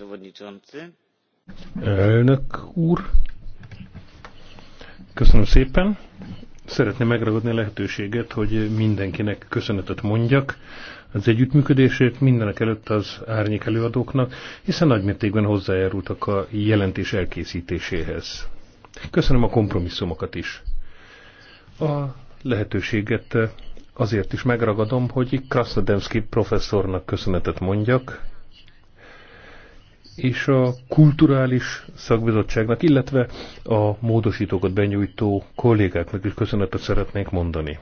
przewodniczący. Elnök úr, köszönöm szépen. Szeretném megragadni a lehetőséget, hogy mindenkinek köszönetet mondjak az együttműködésért, mindenek előtt az árnyék előadóknak, hiszen nagymértékben hozzájárultak a jelentés elkészítéséhez. Köszönöm a kompromisszumokat is. A lehetőséget azért is megragadom, hogy Krasnodemski professzornak köszönetet mondjak, és a kulturális szakbizottságnak, illetve a módosítókat benyújtó kollégáknak is köszönetet szeretnék mondani.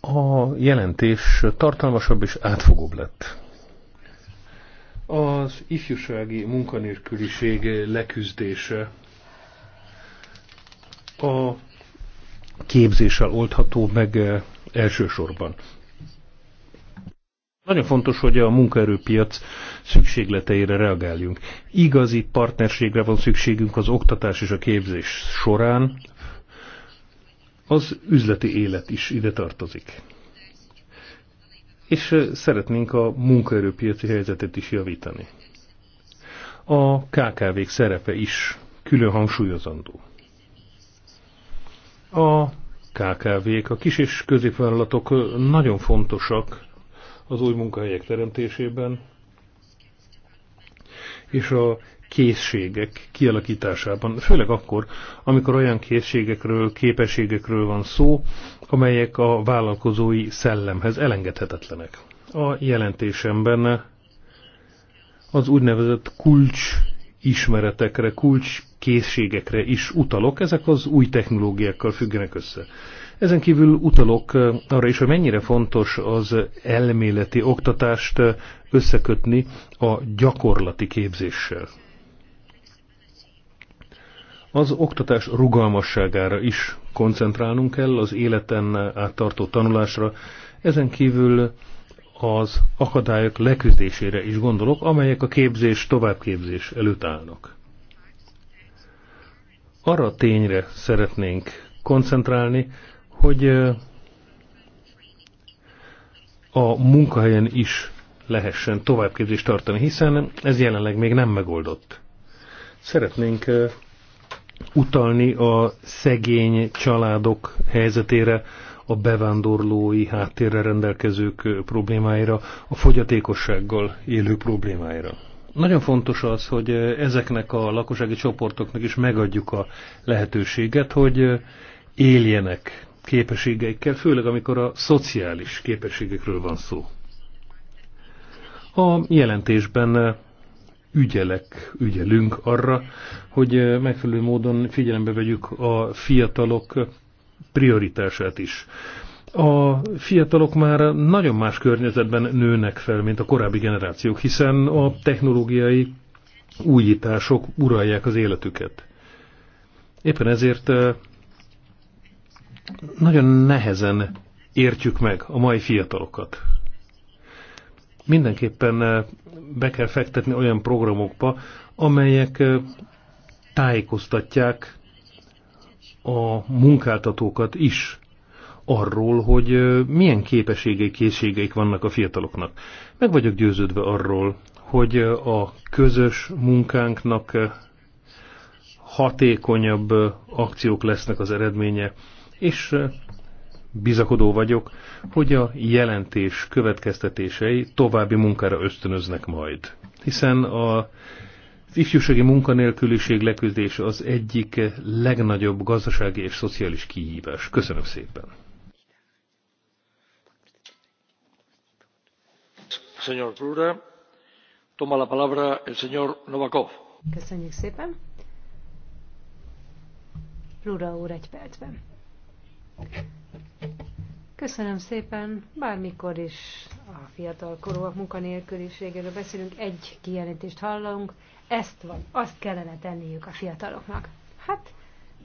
A jelentés tartalmasabb és átfogóbb lett. Az ifjúsági munkanélküliség leküzdése a képzéssel oldható meg elsősorban. Nagyon fontos, hogy a munkaerőpiac szükségleteire reagáljunk. Igazi partnerségre van szükségünk az oktatás és a képzés során. Az üzleti élet is ide tartozik. És szeretnénk a munkaerőpiaci helyzetet is javítani. A KKV-k szerepe is külön hangsúlyozandó. A KKV-k, a kis és középvállalatok nagyon fontosak az új munkahelyek teremtésében és a készségek kialakításában, főleg akkor, amikor olyan készségekről, képességekről van szó, amelyek a vállalkozói szellemhez elengedhetetlenek. A jelentésemben az úgynevezett kulcs ismeretekre, kulcs készségekre is utalok, ezek az új technológiákkal függenek össze. Ezen kívül utalok arra is, hogy mennyire fontos az elméleti oktatást összekötni a gyakorlati képzéssel. Az oktatás rugalmasságára is koncentrálnunk kell, az életen át tartó tanulásra, ezen kívül az akadályok leküzdésére is gondolok, amelyek a képzés, továbbképzés előtt állnak. Arra tényre szeretnénk koncentrálni, hogy a munkahelyen is lehessen továbbképzést tartani, hiszen ez jelenleg még nem megoldott. Szeretnénk utalni a szegény családok helyzetére, a bevándorlói háttérre rendelkezők problémáira, a fogyatékossággal élő problémáira. Nagyon fontos az, hogy ezeknek a lakossági csoportoknak is megadjuk a lehetőséget, hogy éljenek képességeikkel, főleg amikor a szociális képességekről van szó. A jelentésben eh, ügyelek, ügyelünk arra, hogy eh, megfelelő módon figyelembe vegyük a fiatalok prioritását is. A fiatalok már nagyon más környezetben nőnek fel, mint a korábbi generációk, hiszen a technológiai újítások uralják az életüket. Éppen ezért eh, nagyon nehezen értjük meg a mai fiatalokat. Mindenképpen eh, be kell fektetni olyan programokba, amelyek eh, tájékoztatják a munkáltatókat is arról, hogy eh, milyen képességei, készségeik vannak a fiataloknak. Meg vagyok győződve arról, hogy a közös munkánknak hatékonyabb akciók lesznek az eredménye, és bizakodó vagyok, hogy a jelentés következtetései további munkára ösztönöznek majd. Hiszen a az ifjúsági munkanélküliség leküzdése az egyik legnagyobb gazdasági és szociális kihívás. Köszönöm szépen! Señor Plura, toma la palabra el señor Novakov. Köszönjük szépen! Plura úr egy percben. Köszönöm szépen. Bármikor is a fiatalkorúak munkanélküliségéről beszélünk, egy kijelentést hallunk, ezt van, azt kellene tenniük a fiataloknak. Hát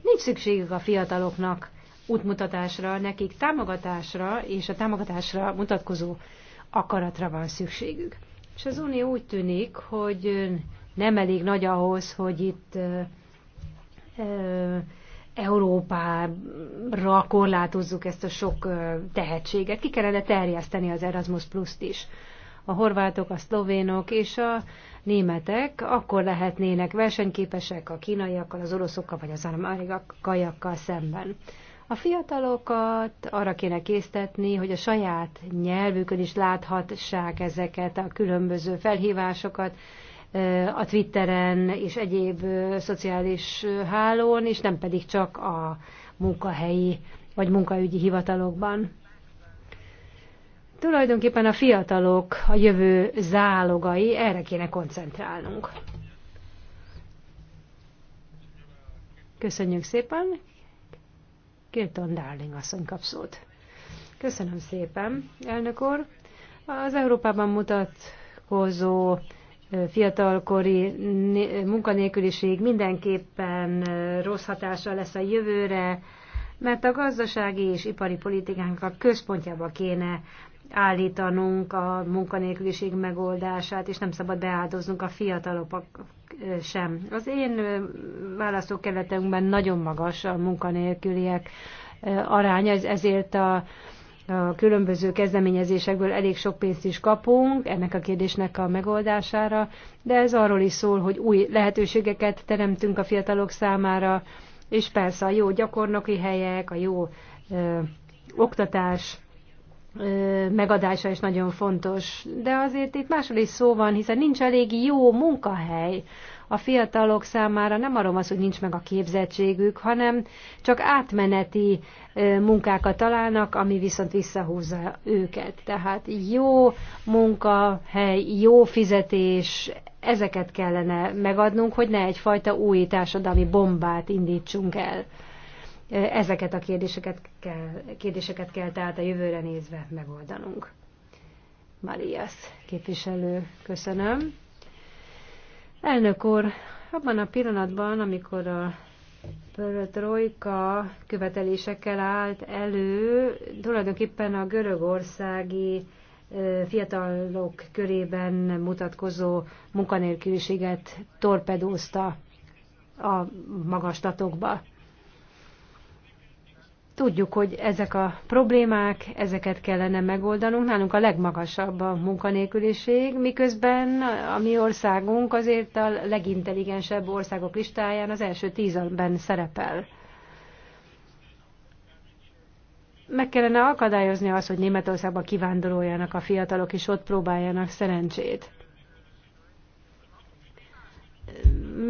nincs szükségük a fiataloknak útmutatásra, nekik támogatásra és a támogatásra mutatkozó akaratra van szükségük. És az Unió úgy tűnik, hogy nem elég nagy ahhoz, hogy itt ö, ö, Európára korlátozzuk ezt a sok tehetséget. Ki kellene terjeszteni az Erasmus Plus-t is. A horvátok, a szlovénok és a németek akkor lehetnének versenyképesek a kínaiakkal, az oroszokkal vagy az amerikaiakkal szemben. A fiatalokat arra kéne késztetni, hogy a saját nyelvükön is láthatsák ezeket a különböző felhívásokat, a Twitteren és egyéb szociális hálón, és nem pedig csak a munkahelyi vagy munkaügyi hivatalokban. Tulajdonképpen a fiatalok a jövő zálogai, erre kéne koncentrálnunk. Köszönjük szépen. Kilton Darling asszony kap szót. Köszönöm szépen, elnök úr. Az Európában mutatkozó fiatalkori munkanélküliség mindenképpen rossz hatása lesz a jövőre, mert a gazdasági és ipari politikánk a központjába kéne állítanunk a munkanélküliség megoldását, és nem szabad beáldoznunk a fiatalok sem. Az én választókeretünkben nagyon magas a munkanélküliek aránya, ezért a a különböző kezdeményezésekből elég sok pénzt is kapunk ennek a kérdésnek a megoldására, de ez arról is szól, hogy új lehetőségeket teremtünk a fiatalok számára, és persze a jó gyakornoki helyek, a jó ö, oktatás, megadása is nagyon fontos. De azért itt másról is szó van, hiszen nincs elég jó munkahely a fiatalok számára. Nem arról van hogy nincs meg a képzettségük, hanem csak átmeneti munkákat találnak, ami viszont visszahúzza őket. Tehát jó munkahely, jó fizetés, ezeket kellene megadnunk, hogy ne egyfajta új társadalmi bombát indítsunk el. Ezeket a kérdéseket kell, kérdéseket kell tehát a jövőre nézve megoldanunk. Marias képviselő, köszönöm. Elnök úr, abban a pillanatban, amikor a trojka követelésekkel állt elő, tulajdonképpen a görögországi fiatalok körében mutatkozó munkanélküliséget torpedózta a magaslatokba. Tudjuk, hogy ezek a problémák, ezeket kellene megoldanunk. Nálunk a legmagasabb a munkanélküliség, miközben a mi országunk azért a legintelligensebb országok listáján az első tízben szerepel. Meg kellene akadályozni azt, hogy Németországba kivándoroljanak a fiatalok, és ott próbáljanak szerencsét.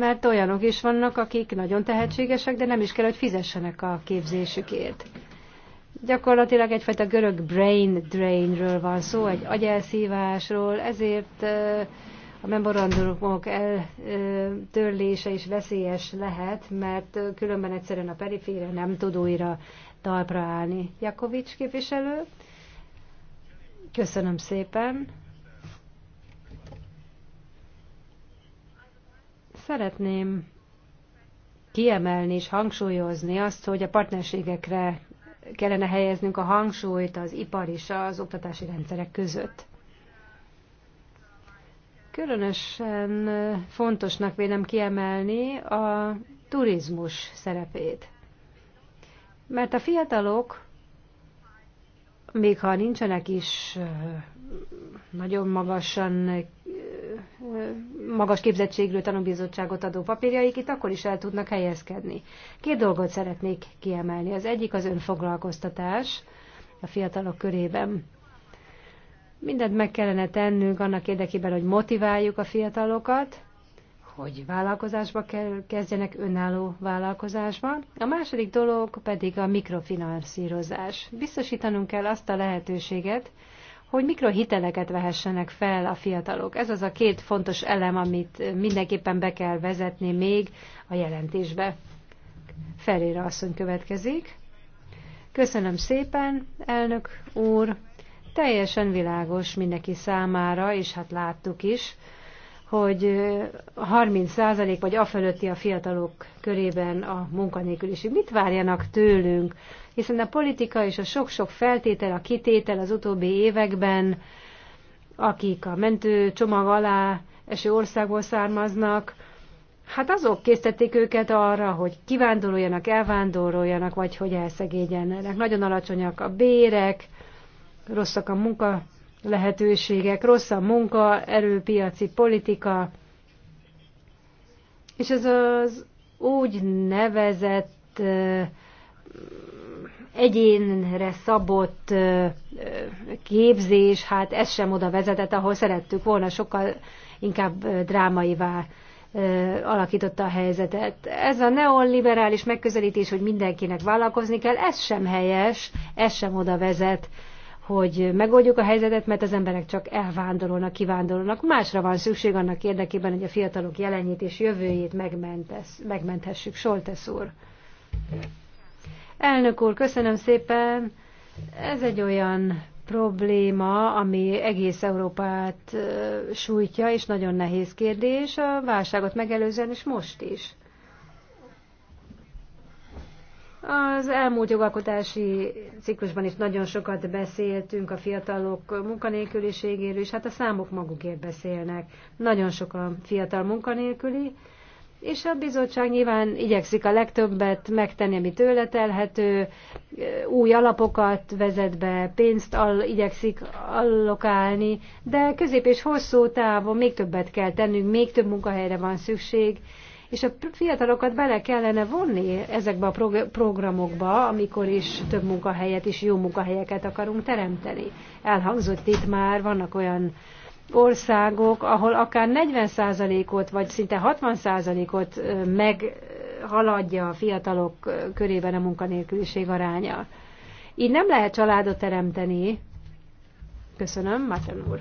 mert olyanok is vannak, akik nagyon tehetségesek, de nem is kell, hogy fizessenek a képzésükért. Gyakorlatilag egyfajta görög brain drainről van szó, egy agyelszívásról, ezért a memorandumok eltörlése is veszélyes lehet, mert különben egyszerűen a periféria nem tud újra talpra állni. Jakovics képviselő, köszönöm szépen. Szeretném kiemelni és hangsúlyozni azt, hogy a partnerségekre kellene helyeznünk a hangsúlyt az ipar és az oktatási rendszerek között. Különösen fontosnak vélem kiemelni a turizmus szerepét. Mert a fiatalok, még ha nincsenek is nagyon magasan magas képzettségről tanúbizottságot adó papírjaik itt akkor is el tudnak helyezkedni. Két dolgot szeretnék kiemelni. Az egyik az önfoglalkoztatás a fiatalok körében. Mindent meg kellene tennünk annak érdekében, hogy motiváljuk a fiatalokat, hogy vállalkozásba kezdjenek önálló vállalkozásba. A második dolog pedig a mikrofinanszírozás. Biztosítanunk kell azt a lehetőséget, hogy hiteleket vehessenek fel a fiatalok. Ez az a két fontos elem, amit mindenképpen be kell vezetni még a jelentésbe. Felére asszony következik. Köszönöm szépen, elnök úr. Teljesen világos mindenki számára, és hát láttuk is, hogy 30% vagy afölötti a fiatalok körében a munkanélküliség. Mit várjanak tőlünk? Hiszen a politika és a sok-sok feltétel, a kitétel az utóbbi években, akik a mentő csomag alá eső országból származnak, hát azok késztették őket arra, hogy kivándoroljanak, elvándoroljanak, vagy hogy elszegényenek. Nagyon alacsonyak a bérek, rosszak a munka lehetőségek, rossz a munka, erőpiaci politika, és ez az úgy nevezett egyénre szabott képzés, hát ez sem oda vezetett, ahol szerettük volna, sokkal inkább drámaivá alakította a helyzetet. Ez a neoliberális megközelítés, hogy mindenkinek vállalkozni kell, ez sem helyes, ez sem oda vezet hogy megoldjuk a helyzetet, mert az emberek csak elvándorolnak, kivándorolnak. Másra van szükség annak érdekében, hogy a fiatalok jelenjét és jövőjét megmentesz, megmenthessük. Soltesz úr. Elnök úr, köszönöm szépen. Ez egy olyan probléma, ami egész Európát sújtja, és nagyon nehéz kérdés a válságot megelőzően, és most is. Az elmúlt jogalkotási ciklusban is nagyon sokat beszéltünk a fiatalok munkanélküliségéről, és hát a számok magukért beszélnek. Nagyon sok a fiatal munkanélküli, és a bizottság nyilván igyekszik a legtöbbet megtenni, ami tőle telhető, új alapokat vezet be, pénzt all, igyekszik allokálni, de közép és hosszú távon még többet kell tennünk, még több munkahelyre van szükség, és a fiatalokat bele kellene vonni ezekbe a prog programokba, amikor is több munkahelyet és jó munkahelyeket akarunk teremteni. Elhangzott itt már, vannak olyan országok, ahol akár 40%-ot, vagy szinte 60%-ot meghaladja a fiatalok körében a munkanélküliség aránya. Így nem lehet családot teremteni. Köszönöm, Maten úr.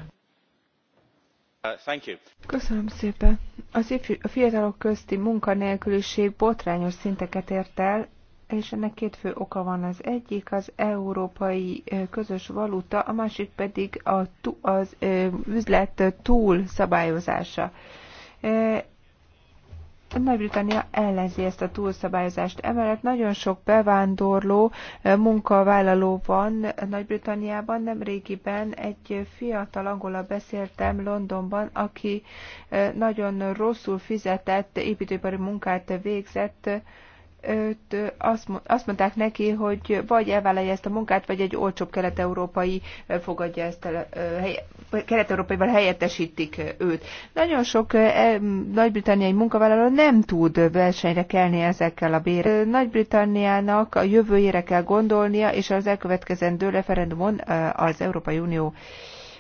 Uh, Köszönöm szépen. Az a fiatalok közti munkanélküliség botrányos szinteket ért el, és ennek két fő oka van. Az egyik az európai közös valuta, a másik pedig a, az üzlet túlszabályozása. Nagy-Britannia ellenzi ezt a túlszabályozást. Emellett nagyon sok bevándorló eh, munkavállaló van Nagy-Britanniában. Nemrégiben egy fiatal angola beszéltem Londonban, aki eh, nagyon rosszul fizetett építőipari munkát végzett, őt azt, azt mondták neki, hogy vagy elvállalja ezt a munkát, vagy egy olcsóbb kelet-európai fogadja ezt el, kelet-európaival helyettesítik őt. Nagyon sok nagy-britanniai munkavállaló nem tud versenyre kelni ezekkel a bér. Nagy-Britanniának a jövőjére kell gondolnia, és az elkövetkezendő referendumon az Európai Unió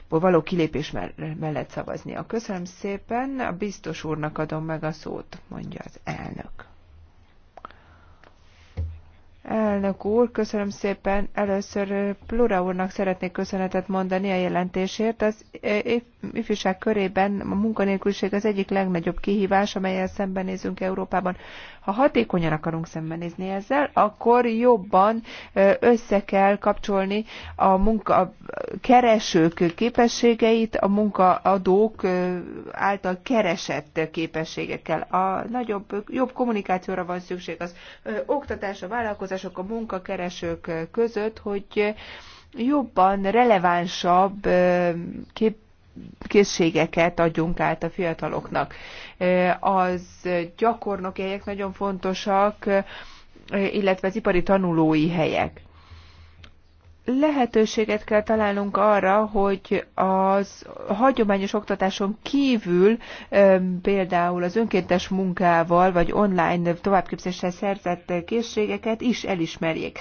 való kilépés mellett szavaznia. Köszönöm szépen, a biztos úrnak adom meg a szót, mondja az elnök. Elnök úr, köszönöm szépen. Először Plura úrnak szeretnék köszönetet mondani a jelentésért. Az ifjúság körében a munkanélküliség az egyik legnagyobb kihívás, amelyel szembenézünk Európában. Ha hatékonyan akarunk szembenézni ezzel, akkor jobban össze kell kapcsolni a munka keresők képességeit a munkaadók által keresett képességekkel. A nagyobb, jobb kommunikációra van szükség az oktatás, a vállalkozások, a munkakeresők között, hogy jobban relevánsabb kép készségeket adjunk át a fiataloknak. Az gyakornoki helyek nagyon fontosak, illetve az ipari tanulói helyek. Lehetőséget kell találnunk arra, hogy az hagyományos oktatáson kívül például az önkéntes munkával vagy online továbbképzéssel szerzett készségeket is elismerjék.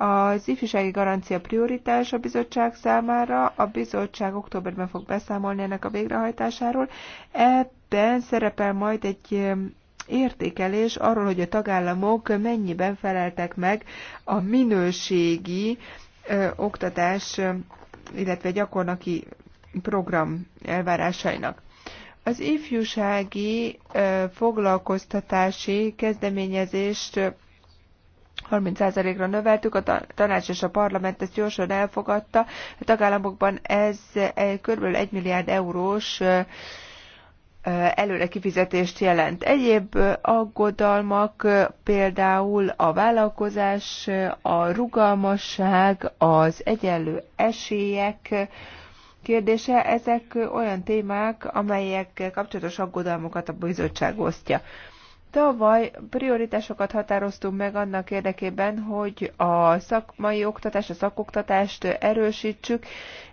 Az ifjúsági garancia prioritás a bizottság számára. A bizottság októberben fog beszámolni ennek a végrehajtásáról. Ebben szerepel majd egy értékelés arról, hogy a tagállamok mennyiben feleltek meg a minőségi ö, oktatás, illetve gyakornoki program elvárásainak. Az ifjúsági ö, foglalkoztatási kezdeményezést 30%-ra növeltük, a tanács és a parlament ezt gyorsan elfogadta. A tagállamokban ez e, kb. 1 milliárd eurós előre kifizetést jelent. Egyéb aggodalmak például a vállalkozás, a rugalmasság, az egyenlő esélyek kérdése, ezek olyan témák, amelyek kapcsolatos aggodalmakat a bizottság osztja. Tavaly prioritásokat határoztunk meg annak érdekében, hogy a szakmai oktatás, a szakoktatást erősítsük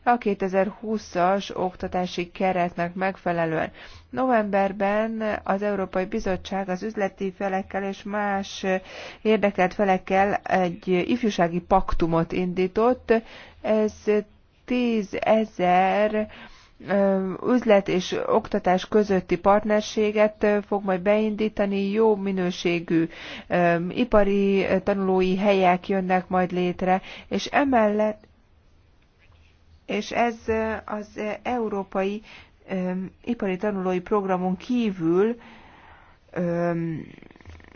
a 2020-as oktatási keretnek megfelelően. Novemberben az Európai Bizottság az üzleti felekkel és más érdekelt felekkel egy ifjúsági paktumot indított. Ez ezer üzlet és oktatás közötti partnerséget fog majd beindítani, jó minőségű ipari tanulói helyek jönnek majd létre, és emellett és ez az európai ipari tanulói programon kívül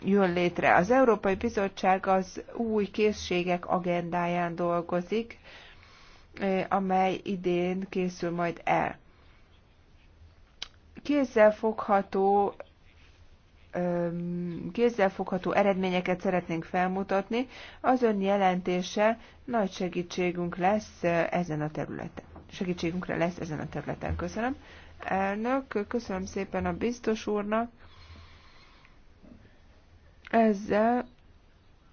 jön létre. Az Európai Bizottság az új készségek agendáján dolgozik, amely idén készül majd el. Kézzelfogható kézzelfogható eredményeket szeretnénk felmutatni, az ön jelentése nagy segítségünk lesz ezen a területen. Segítségünkre lesz ezen a területen. Köszönöm. Elnök, köszönöm szépen a biztos úrnak. Ezzel